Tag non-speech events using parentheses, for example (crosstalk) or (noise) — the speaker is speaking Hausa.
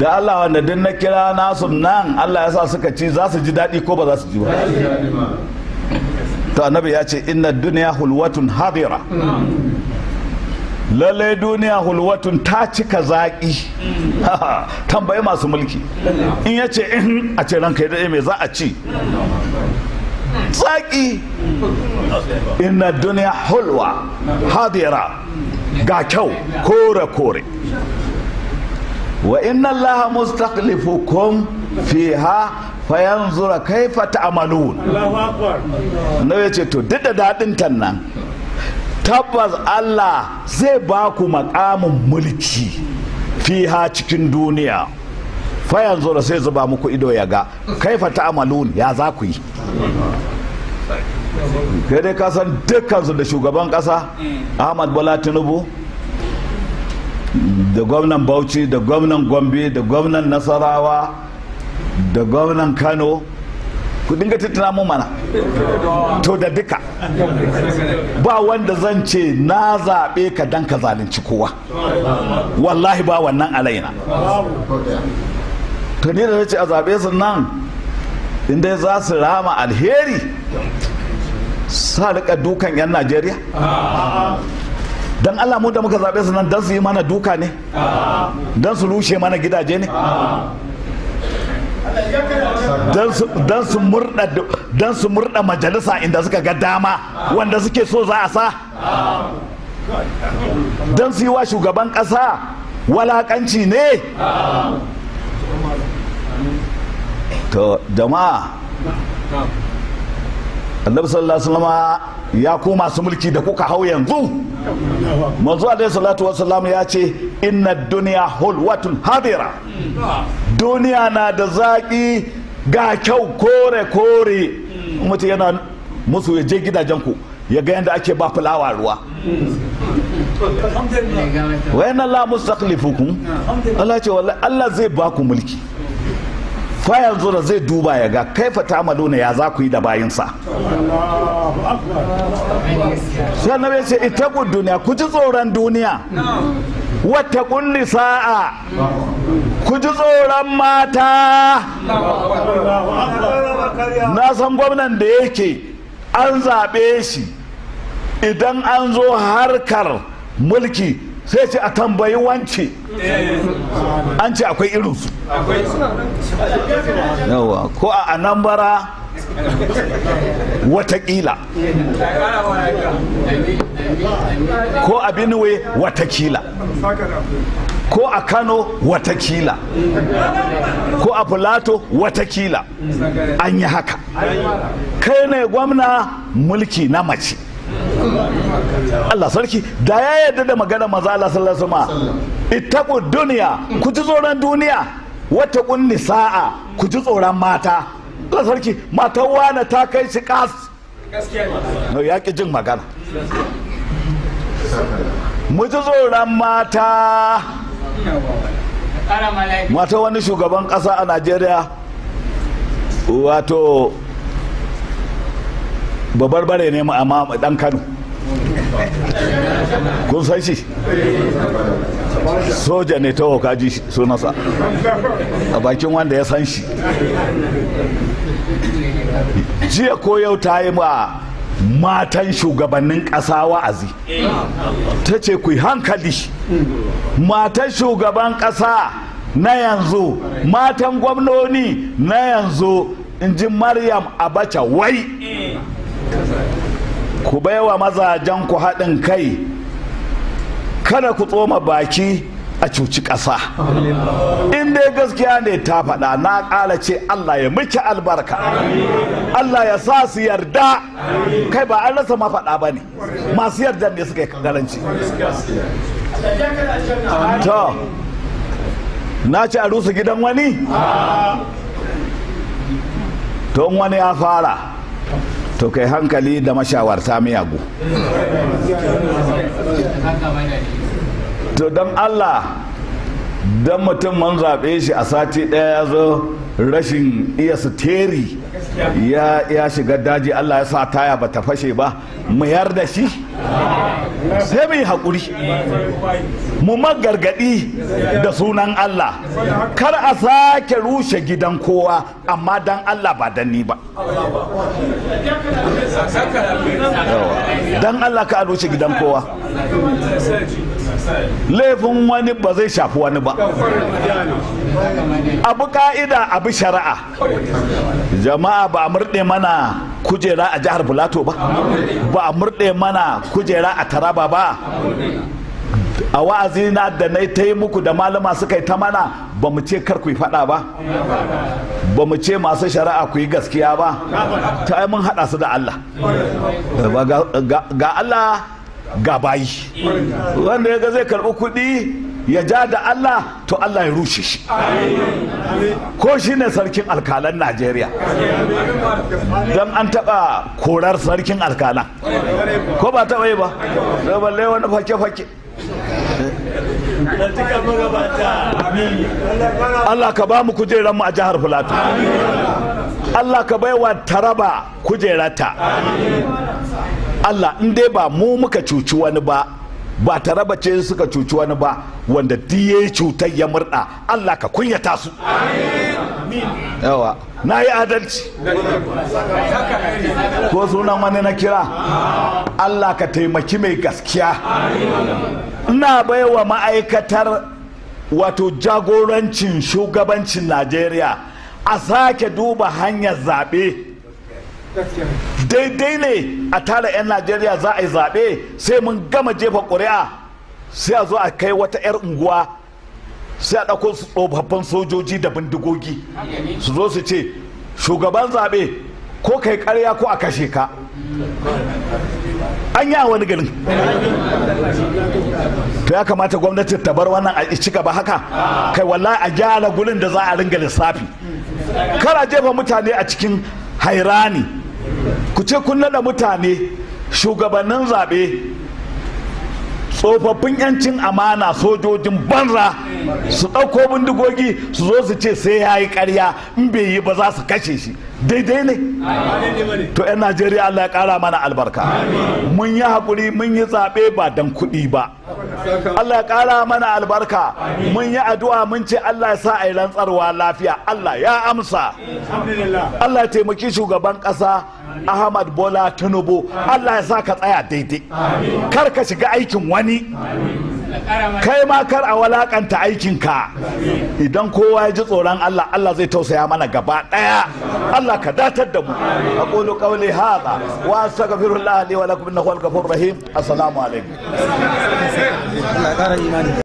da Allah wanda duk na kira nasu nan Allah ya sa suka ci za su ji daɗi ko ba za su ji ba to annabi ya ce inna duniya hulwatun hadira lallai duniya hulwatun ta cika zaƙi (laughs) tambayi masu mulki in ya ce in a ce ranka ya mai za a ci zaƙi inna duniya hulwa hadira ga kyau kore kore wa inna Allah mustaqlifukum fiha fayanzura kaifa ta'malun na ya ce to duk da daɗin tan nan tabbas Allah zai ba ku makamin mulki fiha cikin duniya fayanzura sai zuba muku ido ya ga kaifa ta'malun ya za ku yi kai dai kasan su da shugaban kasa Ahmad Bala Tinubu da gwamnan bauchi da gwamnan gombe da gwamnan nasarawa da gwamnan kano ku dinga tattara mu mana to da duka ba wanda zan ce na zaɓe ka dan ka zalunci kowa wallahi ba wannan alaina to ni da ce a zaɓe su nan inda za su rama alheri sa rika dukan 'yan najeriya dan allah mu da muka zaɓe su nan don su yi mana duka ne don su rushe mana gidaje ne don su murda majalisa inda suka ga dama wanda suke so za a sa don su yi wa shugaban ƙasa walaƙanci ne to jama'a annabi sallallahu alaihi ya koma su mulki da kuka hau yanzu manzo alaihi salatu wasallam ya ce inna duniya hulwatun hadira duniya na da zaƙi ga kyau kore kore mutu yana musu ya je gidajen ku ya ga yadda ake ba fulawa ruwa wayan Allah ku? Allah ce wallahi Allah zai ba ku mulki yanzu da zai duba ya ga kaifa ta malona ya za ku yi da bayinsa sai annabi ce ita duniya ku ji tsoron duniya wata kulli sa'a ku ji tsoron mata na san gwamnan da yake an zaɓe shi idan an zo harkar mulki sai ce a tambayi wance an ce akwai irinsu yawa ko a anambara watakila ko a benue watakila ko a kano watakila ko a fulato watakila an yi haka kai ne gwamna mulki na mace Allah sarki da ya yarda da magana maza Allah sallallahu alaihi ittaqu duniya ku ji tsoron duniya wata kunni sa'a ku ji tsoron mata Allah sarki matan wani ta kai shi kas no ya ki jin magana mu ji tsoron mata mata wani shugaban kasa a Najeriya wato babarbare ne mu amma dan Kano kun san shi soja ne ta wakaji sunansa a bakin wanda ya san shi jiya ko yau ta yi ma matan shugabannin ƙasa wa'azi ta ce ku hankali matan shugaban ƙasa na yanzu matan gwamnoni na yanzu in ji maryam abacha wai ku baiwa mazajen ku haɗin kai kada ku tsoma baki a cuci ƙasa in dai gaskiya ne ta faɗa na ƙala ce Allah ya miki albarka Allah ya sa su yarda kai ba an rasa mafaɗa ba ne masu yarda ne suka yi garanci to na ci a rusa gidan wani to wani ya fara to kai hankali da mashawarta miyagu to don allah don mutum man zaɓe shi a sati ɗaya ya zo rashin iya teri ya shiga daji Allah ya sa taya ba ta fashe ba mu da shi sai mu yi hakuri mu magargadi da sunan Allah kar a sake rushe gidan kowa amma dan Allah ba dan ni ba dan Allah ka rushe gidan kowa laifin wani ba zai shafi wani ba abu ka'ida abu shari'a jama'a ba a murɗe mana kujera a jihar bulato ba ba a murɗe mana kujera a taraba ba a wa'azina da na ta yi muku da malama suka yi ta mana ba mu ce kar ku yi faɗa ba ba mu ce masu shari'a ku yi gaskiya ba ta mun haɗa su da Allah ga Allah gabayi wanda ya ga zai karɓi kuɗi ya ja da Allah to Allah ya rushe shi ko shi ne sarkin alkalan Najeriya don an taɓa korar sarkin alkalan ko ba taɓa yi ba da balle wani fake-fake Allah ka ba mu kujeranmu a jihar Filato Allah ka baiwa taraba kujerata Allah in dai ba mu muka cuci wani ba ba ta raba ce suka cuci wani ba wanda diye cutar ya murda Allah ka kunyata su na yi adalci ko sunan wani na kira Allah ka taimaki mai gaskiya ina baiwa ma'aikatar wato jagorancin shugabancin Najeriya a sake duba hanyar zaɓe daidai ne a tara 'yan najeriya za a yi zaɓe sai mun gama jefa ƙuri'a sai a zo a kai wata 'yar unguwa sai a ɗauko su tsofaffin sojoji da bindigogi su zo su ce shugaban zaɓe ko kai karya ko a kashe ka an yi wani garin to ya kamata gwamnati ta bar wannan a ci gaba haka kai wallahi a gyara gurin da za a ringa lissafi kar a jefa mutane a cikin hairani ku ce kun nada mutane shugabannin zabe tsofaffin yancin amana sojojin banza su ɗauko bindigogi su zo su ce sai ya yi ƙarya in bai yi ba za su kashe shi daidai ne to 'yan najeriya allah ya ƙara mana albarka mun yi haƙuri mun yi zaɓe ba don kuɗi ba allah ya ƙara mana albarka mun yi addu'a mun ce allah ya sa a yi rantsarwa lafiya allah ya amsa allah ya taimaki shugaban ƙasa ahmad bola tinubu allah ya sa ka tsaya daidai kar ka shiga aikin wani kai ma kar a walakanta aikinka idan kowa ya ji tsoron Allah Allah zai tausaya mana gaba daya Allah ka datar da mu aqulu qawli hadha wa astaghfirullah li wa lakum innahu al-ghafurur rahim assalamu alaikum